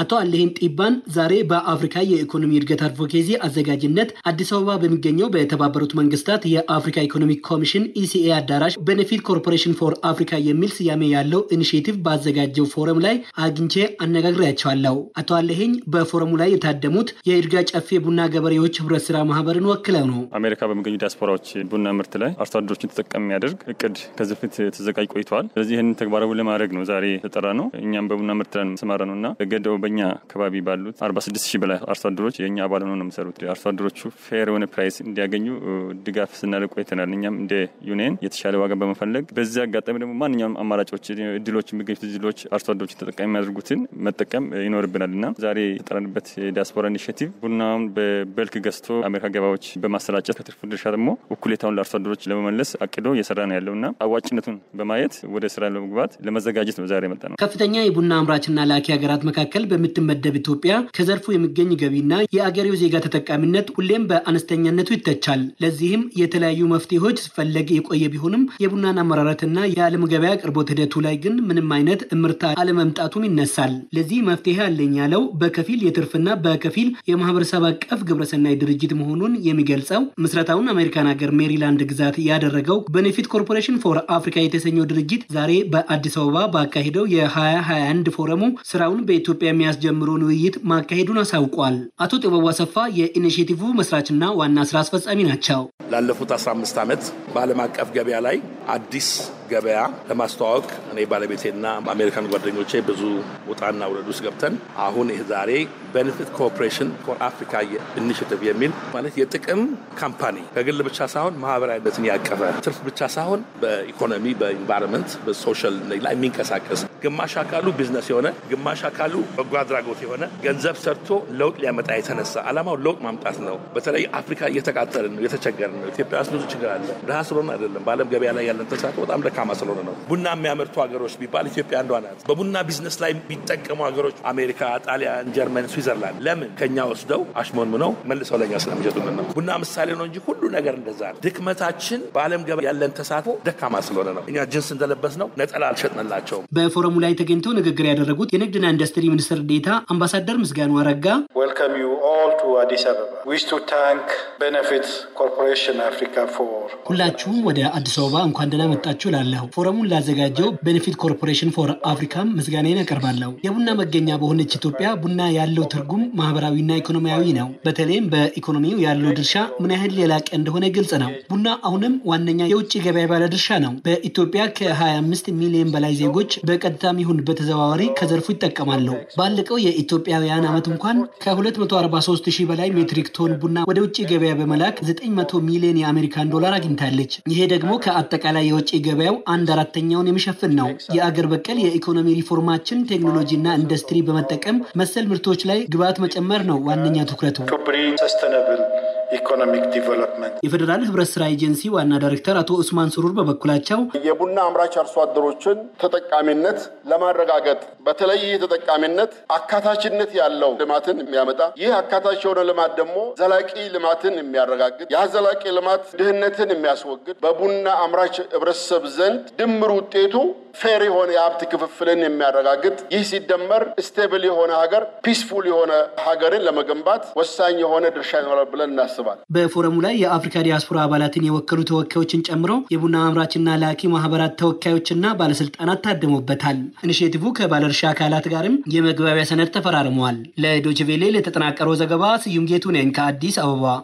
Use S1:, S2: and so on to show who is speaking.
S1: አቶ አለሄን ጢባን ዛሬ በአፍሪካ የኢኮኖሚ እድገት አድቮኬሲ አዘጋጅነት አዲስ አበባ በሚገኘው በተባበሩት መንግስታት የአፍሪካ ኢኮኖሚክ ኮሚሽን ኢሲኤ አዳራሽ ቤኔፊት ኮርፖሬሽን ፎር አፍሪካ የሚል ስያሜ ያለው ኢኒሽቲቭ ባዘጋጀው ፎረም ላይ አግኝቼ አነጋግሬያቸዋለሁ። አቶ አለሄኝ በፎረሙ ላይ የታደሙት የይርጋ ጨፌ ቡና ገበሬዎች ህብረት ስራ ማህበርን ወክለው ነው።
S2: አሜሪካ በሚገኙ ዲያስፖራዎች ቡና ምርት ላይ አርሶ አደሮችን ተጠቃሚ የሚያደርግ እቅድ ከዚህ በፊት ተዘጋጅ ቆይተዋል። ስለዚህ ይህንን ተግባራዊ ለማድረግ ነው ዛሬ ተጠራ ነው። እኛም በቡና ምርት ላይ ስማረ ነው እና ገደው በእኛ አካባቢ ባሉት 46 ሺህ በላይ አርሶ አደሮች የእኛ አባል ሆነው ነው የሚሰሩት። አርሶ አደሮቹ ፌር የሆነ ፕራይስ እንዲያገኙ ድጋፍ ስናደርግ ቆይተናል። እኛም እንደ ዩኒየን የተሻለ ዋጋ በመፈለግ በዚህ አጋጣሚ ደግሞ ማንኛውም አማራጮች፣ እድሎች፣ የሚገኙት እድሎች አርሶ አደሮችን ተጠቃሚ የሚያደርጉትን መጠቀም ይኖርብናል እና ዛሬ የተጠራንበት የዲያስፖራ ኢኒሽቲቭ ቡናውን በበልክ ገዝቶ አሜሪካ ገባዎች በማሰራጨት ከትርፉ ድርሻ ደግሞ እኩሌታውን ለአርሶ አደሮች ለመመለስ አቅዶ እየሰራ ነው ያለው እና አዋጭነቱን በማየት ወደ ስራ ለመግባት ለመዘጋጀት ነው ዛሬ የመጣ ነው።
S1: ከፍተኛ የቡና አምራችና ላኪ ሀገራት መካከል የምትመደብ ኢትዮጵያ ከዘርፉ የሚገኝ ገቢና የአገሬው ዜጋ ተጠቃሚነት ሁሌም በአነስተኛነቱ ይተቻል። ለዚህም የተለያዩ መፍትሄዎች ሲፈለግ የቆየ ቢሆንም የቡናን አመራረትና የዓለም ገበያ አቅርቦት ሂደቱ ላይ ግን ምንም አይነት እምርታ አለመምጣቱም ይነሳል። ለዚህ መፍትሄ አለኝ ያለው በከፊል የትርፍና በከፊል የማህበረሰብ አቀፍ ግብረሰናይ ድርጅት መሆኑን የሚገልጸው ምስረታውን አሜሪካን ሀገር ሜሪላንድ ግዛት ያደረገው በኔፊት ኮርፖሬሽን ፎር አፍሪካ የተሰኘው ድርጅት ዛሬ በአዲስ አበባ ባካሄደው የ2021 ፎረሙ ስራውን በኢትዮጵያ የሚያስጀምረውን ውይይት ማካሄዱን አሳውቋል። አቶ ጥበቡ አሰፋ የኢኒሽቲቭ መስራችና ዋና ስራ አስፈጻሚ ናቸው።
S3: ላለፉት 15 ዓመት በዓለም አቀፍ ገበያ ላይ አዲስ ገበያ ለማስተዋወቅ እኔ ባለቤቴና አሜሪካን ጓደኞቼ ብዙ ውጣና ውረድ ውስጥ ገብተን አሁን ይህ ዛሬ ቤኔፊት ኮኦፕሬሽን ፎር አፍሪካ ኢኒሽቲቭ የሚል ማለት የጥቅም ካምፓኒ ከግል ብቻ ሳይሆን ማህበራዊነትን ያቀፈ ትርፍ ብቻ ሳይሆን በኢኮኖሚ፣ በኢንቫይሮንመንት፣ በሶሻል ላይ የሚንቀሳቀስ ግማሽ አካሉ ቢዝነስ የሆነ ግማሽ አካሉ በጎ አድራጎት የሆነ ገንዘብ ሰርቶ ለውጥ ሊያመጣ የተነሳ አላማው ለውጥ ማምጣት ነው። በተለይ አፍሪካ እየተቃጠልን ነው፣ የተቸገርን ነው። ኢትዮጵያ ውስጥ ብዙ ችግር አለ። ድሀ ስለሆነ አይደለም። በዓለም ገበያ ላይ ያለን ተሳትፎ በጣም ደካ ደካማ ስለሆነ ነው። ቡና የሚያመርቱ ሀገሮች ቢባል ኢትዮጵያ አንዷ ናት። በቡና ቢዝነስ ላይ የሚጠቀሙ ሀገሮች አሜሪካ፣ ጣሊያን፣ ጀርመን፣ ስዊዘርላንድ ለምን ከኛ ወስደው አሽሞን ምነው መልሰው ለኛ ስለሚሸጡልን ነው። ቡና ምሳሌ ነው እንጂ ሁሉ ነገር እንደዛ ነው። ድክመታችን በዓለም ገበያ ያለን ተሳትፎ ደካማ ስለሆነ ነው። እኛ ጅንስ እንደለበስ ነው ነጠላ አልሸጥንላቸውም።
S1: በፎረሙ ላይ ተገኝተው ንግግር ያደረጉት የንግድና ኢንዱስትሪ ሚኒስትር ዴታ አምባሳደር ምስጋኑ አረጋ አዲስ ሁላችሁም ወደ አዲስ አበባ እንኳን ደህና መጣችሁ ላለሁ ፎረሙን ላዘጋጀው ቤነፊት ኮርፖሬሽን ፎር አፍሪካም ምስጋናዬን አቀርባለሁ። የቡና መገኛ በሆነች ኢትዮጵያ ቡና ያለው ትርጉም ማህበራዊና ኢኮኖሚያዊ ነው። በተለይም በኢኮኖሚው ያለው ድርሻ ምን ያህል የላቀ እንደሆነ ግልጽ ነው። ቡና አሁንም ዋነኛ የውጭ ገበያ ባለ ድርሻ ነው። በኢትዮጵያ ከ25 ሚሊዮን በላይ ዜጎች በቀጥታም ይሁን በተዘዋዋሪ ከዘርፉ ይጠቀማሉ። ባለቀው የኢትዮጵያውያን ዓመት እንኳን ከ243 3000 በላይ ሜትሪክ ቶን ቡና ወደ ውጭ ገበያ በመላክ 900 ሚሊዮን የአሜሪካን ዶላር አግኝታለች። ይሄ ደግሞ ከአጠቃላይ የውጭ ገበያው አንድ አራተኛውን የሚሸፍን ነው። የአገር በቀል የኢኮኖሚ ሪፎርማችን ቴክኖሎጂና ኢንዱስትሪ በመጠቀም መሰል ምርቶች ላይ ግብዓት መጨመር ነው ዋነኛ ትኩረቱ።
S4: ኢኮኖሚክ ዲቨሎፕመንት
S1: የፌዴራል ህብረት ስራ ኤጀንሲ ዋና ዳይሬክተር አቶ ኡስማን ስሩር በበኩላቸው የቡና አምራች
S4: አርሶ አደሮችን ተጠቃሚነት ለማረጋገጥ በተለይ ይህ ተጠቃሚነት አካታችነት ያለው ልማትን የሚያመጣ ይህ አካታች የሆነ ልማት ደግሞ ዘላቂ ልማትን የሚያረጋግጥ ያ ዘላቂ ልማት ድህነትን የሚያስወግድ በቡና አምራች ህብረተሰብ ዘንድ ድምር ውጤቱ ፌር የሆነ የሀብት ክፍፍልን የሚያረጋግጥ ይህ ሲደመር ስቴብል የሆነ ሀገር ፒስፉል የሆነ ሀገርን ለመገንባት ወሳኝ የሆነ ድርሻ ይኖራል ብለን እናስባል።
S1: በፎረሙ ላይ የአፍሪካ ዲያስፖራ አባላትን የወከሉ ተወካዮችን ጨምሮ የቡና አምራችና ላኪ ማህበራት ተወካዮችና ባለስልጣናት ታድሞበታል። ኢኒሽቲቭ ከባለድርሻ አካላት ጋርም የመግባቢያ ሰነድ ተፈራርመዋል። ለዶችቬሌ ለተጠናቀረው ዘገባ ስዩም ጌቱ ነኝ ከአዲስ አበባ።